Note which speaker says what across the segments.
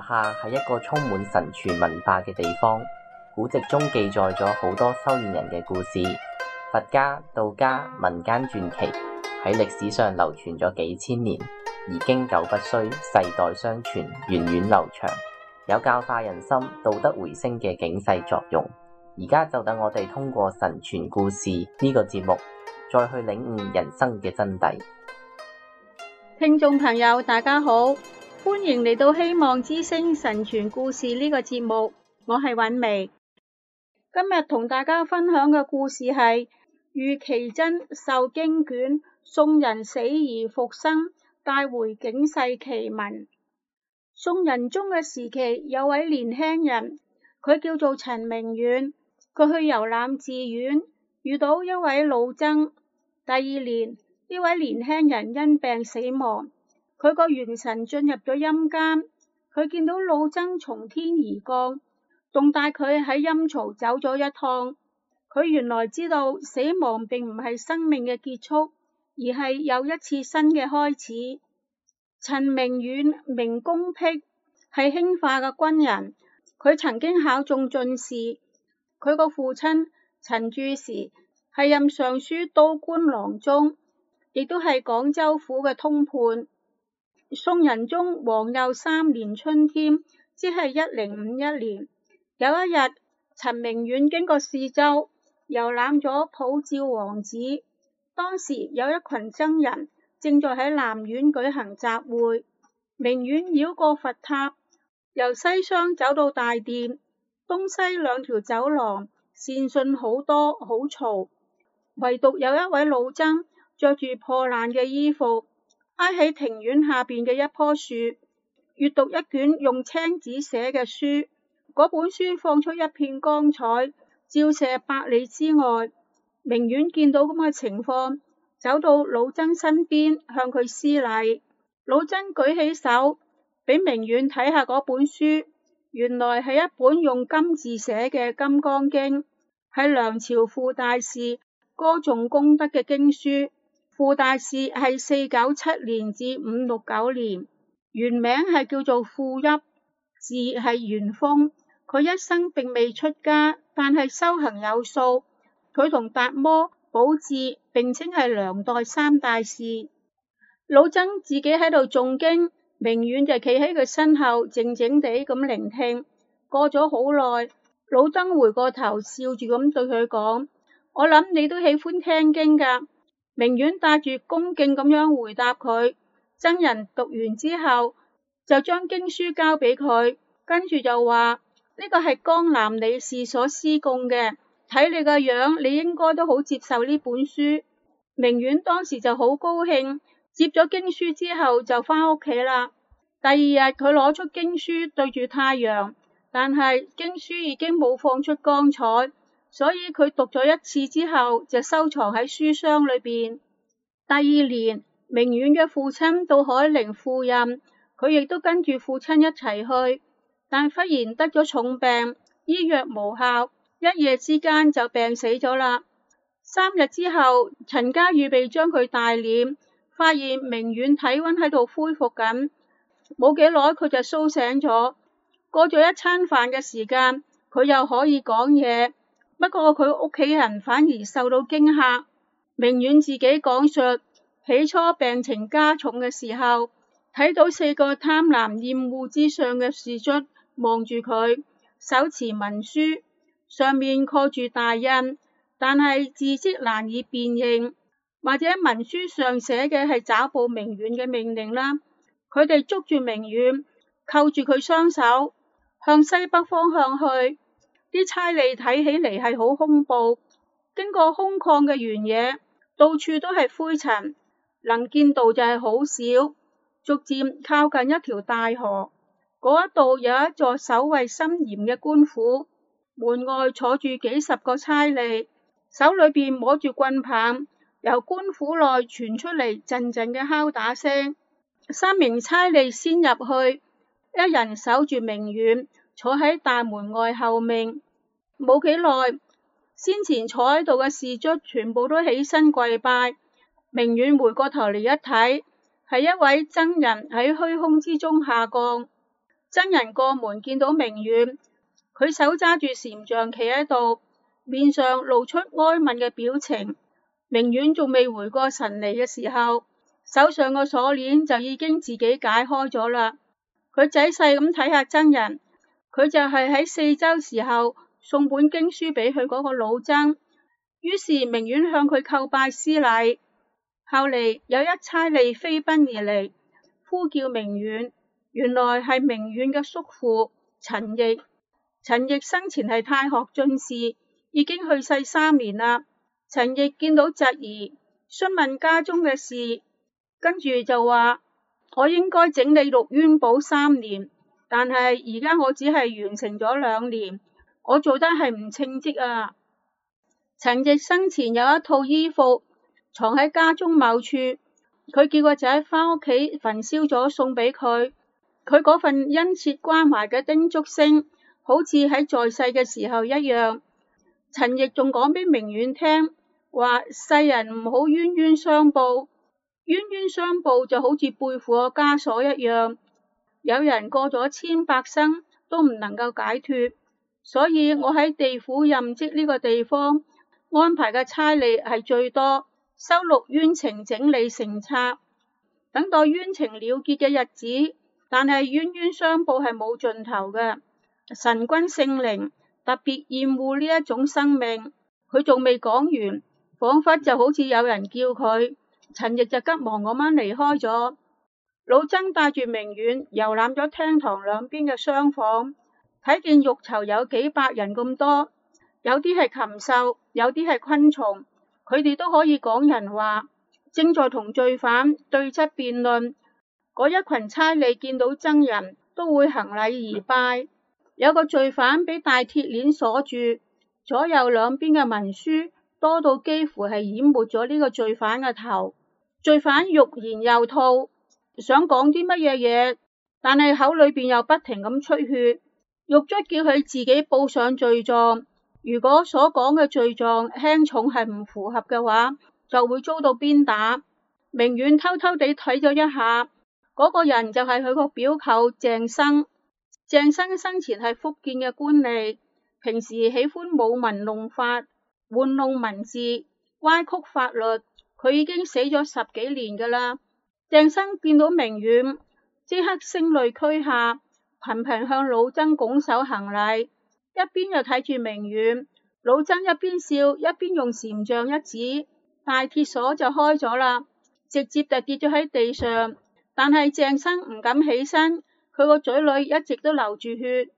Speaker 1: 華夏係一個充滿神傳文化嘅地方，古籍中記載咗好多修煉人嘅故事，佛家、道家、民間傳奇喺歷史上流傳咗幾千年，而經久不衰，世代相傳，源遠流長，有教化人心、道德回升嘅警世作用。而家就等我哋通過神傳故事呢個節目，再去領悟人生嘅真諦。聽眾朋友，大家好。歡迎嚟到《希望之聲神傳故事》呢、這個節目，我係韻薇。今日同大家分享嘅故事係遇奇僧授經卷，宋人死而復生，帶回警世奇聞。宋仁宗嘅時期，有位年輕人，佢叫做陳明遠，佢去遊覽寺院，遇到一位老僧。第二年，呢位年輕人因病死亡。佢個元神進入咗陰間，佢見到老僧從天而降，仲帶佢喺陰曹走咗一趟。佢原來知道死亡並唔係生命嘅結束，而係有一次新嘅開始。陳明遠明公辟係興化嘅軍人，佢曾經考中進士。佢個父親陳柱時係任尚書都官郎中，亦都係廣州府嘅通判。宋仁宗皇佑三年春天，即係一零五一年，有一日，陳明遠經過泗州，遊覽咗普照王子。當時有一群僧人正在喺南院舉行集會，明遠繞過佛塔，由西廂走到大殿，東西兩條走廊，善信好多，好嘈，唯獨有一位老僧，着住破爛嘅衣服。挨喺庭院下邊嘅一棵樹，閱讀一卷用青紙寫嘅書，嗰本書放出一片光彩，照射百里之外。明遠見到咁嘅情況，走到老僧身邊，向佢施禮。老僧舉起手，俾明遠睇下嗰本書，原來係一本用金字寫嘅《金剛經》，係梁朝傅大士歌頌功德嘅經書。傅大士係四九七年至五六九年，原名係叫做傅邑，字係元豐。佢一生並未出家，但係修行有素。佢同達摩保、寶誌並稱係梁代三大士。老僧自己喺度誦經，明遠就企喺佢身後，靜靜地咁聆聽。過咗好耐，老僧回過頭，笑住咁對佢講：我諗你都喜歡聽經噶。明遠帶住恭敬咁樣回答佢，僧人讀完之後就將經書交俾佢，跟住就話呢個係江南李氏所施供嘅，睇你個樣，你應該都好接受呢本書。明遠當時就好高興，接咗經書之後就返屋企啦。第二日佢攞出經書對住太陽，但係經書已經冇放出光彩。所以佢讀咗一次之後，就收藏喺書箱裏邊。第二年，明遠嘅父親到海寧赴任，佢亦都跟住父親一齊去，但忽然得咗重病，醫藥無效，一夜之間就病死咗啦。三日之後，陳家預備將佢大殮，發現明遠體溫喺度恢復緊，冇幾耐佢就蘇醒咗。過咗一餐飯嘅時間，佢又可以講嘢。不過佢屋企人反而受到驚嚇，明遠自己講述，起初病情加重嘅時候，睇到四個貪婪厭惡之上嘅士卒望住佢，手持文書，上面蓋住大印，但係字跡難以辨認，或者文書上寫嘅係抓捕明遠嘅命令啦。佢哋捉住明遠，扣住佢雙手，向西北方向去。啲差利睇起嚟係好恐怖，經過空曠嘅原野，到處都係灰塵，能見度就係好少。逐漸靠近一條大河，嗰度有一座守衛森嚴嘅官府，門外坐住幾十個差利，手裏邊摸住棍棒。由官府內傳出嚟陣陣嘅敲打聲，三名差利先入去，一人守住明院，坐喺大門外後面。冇幾耐，先前坐喺度嘅士卒全部都起身跪拜。明遠回過頭嚟一睇，係一位僧人喺虛空之中下降。僧人過門見到明遠，佢手揸住禪杖企喺度，面上露出哀憫嘅表情。明遠仲未回過神嚟嘅時候，手上個鎖鏈就已經自己解開咗啦。佢仔細咁睇下僧人，佢就係喺四周時候。送本經書俾佢嗰個老僧，於是明遠向佢叩拜施禮。後嚟有一差吏飛奔而嚟，呼叫明遠，原來係明遠嘅叔父陳逸。陳逸生前係太學進士，已經去世三年啦。陳逸見到侄兒，詢問家中嘅事，跟住就話：我應該整理六淵寶三年，但係而家我只係完成咗兩年。我做得係唔稱職啊！陳奕生前有一套衣服藏喺家中某處，佢叫個仔返屋企焚燒咗送俾佢。佢嗰份殷切關懷嘅叮囑聲，好似喺在，在世嘅時候一樣。陳奕仲講俾明遠聽話：世人唔好冤冤相報，冤冤相報就好似背負個枷鎖一樣。有人過咗千百生都唔能夠解脫。所以我喺地府任職呢個地方，安排嘅差事係最多，收錄冤情，整理成冊，等待冤情了結嘅日子。但係冤冤相報係冇盡頭嘅，神君聖靈特別厭惡呢一種生命。佢仲未講完，仿佛就好似有人叫佢陳奕就急忙咁樣離開咗。老僧帶住明遠遊覽咗廳堂兩邊嘅廂房。睇見獄囚有幾百人咁多，有啲係禽獸，有啲係昆蟲，佢哋都可以講人話。正在同罪犯對質辯論，嗰一群差吏見到僧人都會行禮而拜。有個罪犯俾大鐵鏈鎖住，左右兩邊嘅文書多到幾乎係淹沒咗呢個罪犯嘅頭。罪犯欲言又吐，想講啲乜嘢嘢，但係口裏邊又不停咁出血。獄卒叫佢自己報上罪狀，如果所講嘅罪狀輕重係唔符合嘅話，就會遭到鞭打。明遠偷偷地睇咗一下，嗰、那個人就係佢個表舅鄭生。鄭生生前係福建嘅官吏，平時喜歡舞文弄法，玩弄文字，歪曲法律。佢已經死咗十幾年噶啦。鄭生見到明遠，即刻聲淚俱下。頻頻向老僧拱手行禮，一邊又睇住明遠。老僧一邊笑，一邊用禪杖一指，大鐵鎖就開咗啦，直接就跌咗喺地上。但係鄭生唔敢起身，佢個嘴裏一直都流住血。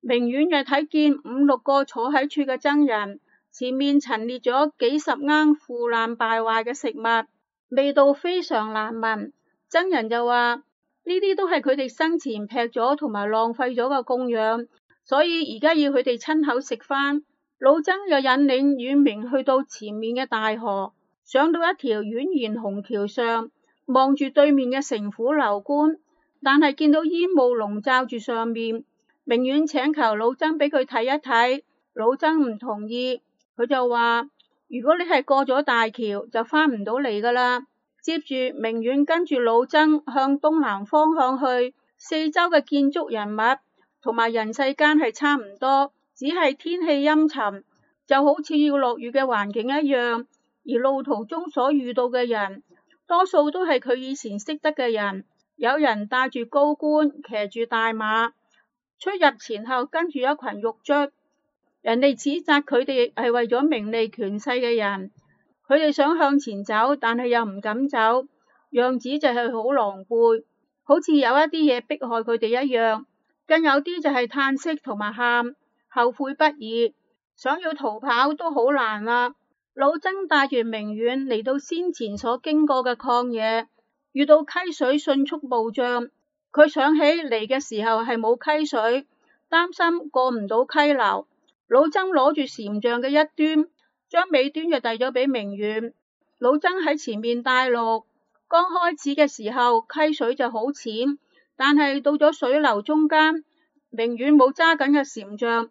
Speaker 1: 明遠又睇見五六個坐喺處嘅僧人，前面陳列咗幾十羹腐爛敗壞嘅食物，味道非常難聞。僧人就話。呢啲都係佢哋生前劈咗同埋浪費咗嘅供養，所以而家要佢哋親口食返。老曾又引領遠明去到前面嘅大河，上到一條蜿蜒紅橋上，望住對面嘅城府樓觀。但係見到煙霧籠罩住上面，明遠請求老曾俾佢睇一睇，老曾唔同意。佢就話：如果你係過咗大橋，就返唔到嚟㗎啦。接住明遠跟住老僧向東南方向去，四周嘅建築人物同埋人世間係差唔多，只係天氣陰沉，就好似要落雨嘅環境一樣。而路途中所遇到嘅人，多數都係佢以前識得嘅人，有人帶住高官，騎住大馬，出入前後跟住一群獄卒，人哋指責佢哋係為咗名利權勢嘅人。佢哋想向前走，但係又唔敢走，樣子就係好狼狽，好似有一啲嘢迫害佢哋一樣。更有啲就係歎息同埋喊，後悔不已，想要逃跑都好難啦、啊。老僧帶住明遠嚟到先前所經過嘅曠野，遇到溪水迅速暴漲，佢想起嚟嘅時候係冇溪水，擔心過唔到溪流。老僧攞住禪杖嘅一端。將尾端就遞咗俾明遠，老僧喺前面帶路。剛開始嘅時候溪水就好淺，但係到咗水流中間，明遠冇揸緊嘅禪杖，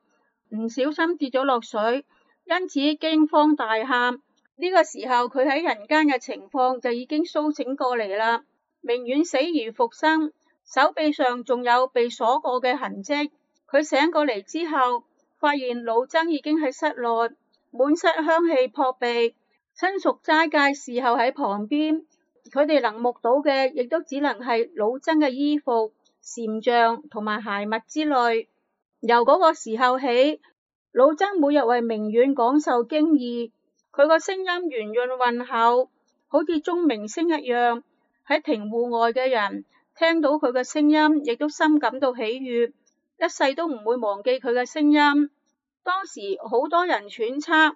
Speaker 1: 唔小心跌咗落水，因此驚慌大喊。呢個時候佢喺人間嘅情況就已經甦醒過嚟啦。明遠死而復生，手臂上仲有被鎖過嘅痕跡。佢醒過嚟之後，發現老僧已經喺室內。滿室香氣撲鼻，親屬齋戒侍候喺旁邊，佢哋能目睹嘅，亦都只能係老僧嘅衣服、禪杖同埋鞋襪之類。由嗰個時候起，老僧每日為明遠講授經義，佢個聲音圓潤渾厚，好似鐘鳴聲一樣。喺庭戶外嘅人聽到佢嘅聲音，亦都深感到喜悅，一世都唔會忘記佢嘅聲音。當時好多人揣測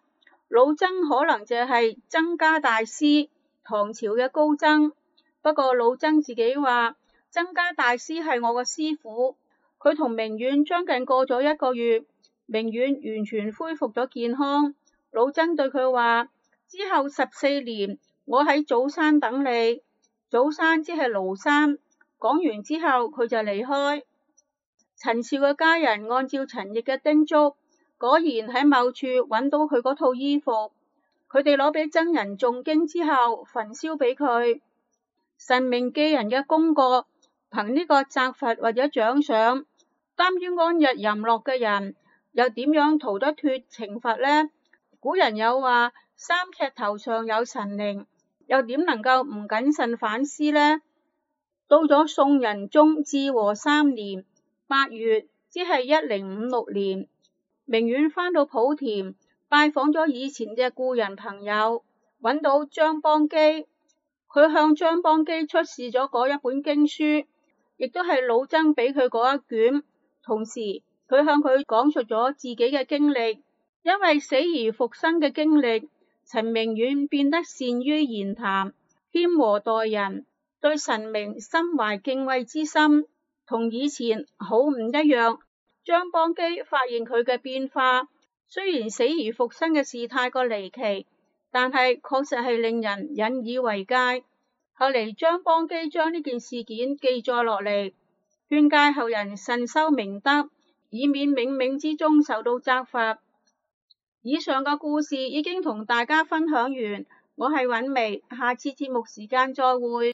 Speaker 1: 老曾可能就係曾家大師，唐朝嘅高僧，不過老曾自己話，曾家大師係我個師傅，佢同明遠將近，近過咗一個月，明遠完全恢復咗健康，老曾對佢話，之後十四年我喺祖山等你，祖山即係廬山。講完之後佢就離開。陳少嘅家人按照陳奕嘅叮囑。果然喺某處揾到佢嗰套衣服，佢哋攞俾僧人誦經之後焚燒俾佢。神明記人嘅功過，憑呢個責罰或者獎賞，耽於安逸淫樂嘅人又點樣逃得脫懲罰呢？古人有話：三尺頭上有神靈，又點能夠唔謹慎反思呢？到咗宋仁宗至和三年八月，即係一零五六年。明遠返到莆田拜訪咗以前嘅故人朋友，揾到張邦基，佢向張邦基出示咗嗰一本經書，亦都係老僧俾佢嗰一卷，同時佢向佢講述咗自己嘅經歷，因為死而復生嘅經歷，陳明遠變得善於言談，謙和待人，對神明心懷敬畏之心，同以前好唔一樣。張邦基發現佢嘅變化，雖然死而復生嘅事太過離奇，但係確實係令人引以為戒。後嚟張邦基將呢件事件記載落嚟，勸誡後人慎修明德，以免冥冥之中受到責罰。以上嘅故事已經同大家分享完，我係韻薇，下次節目時間再會。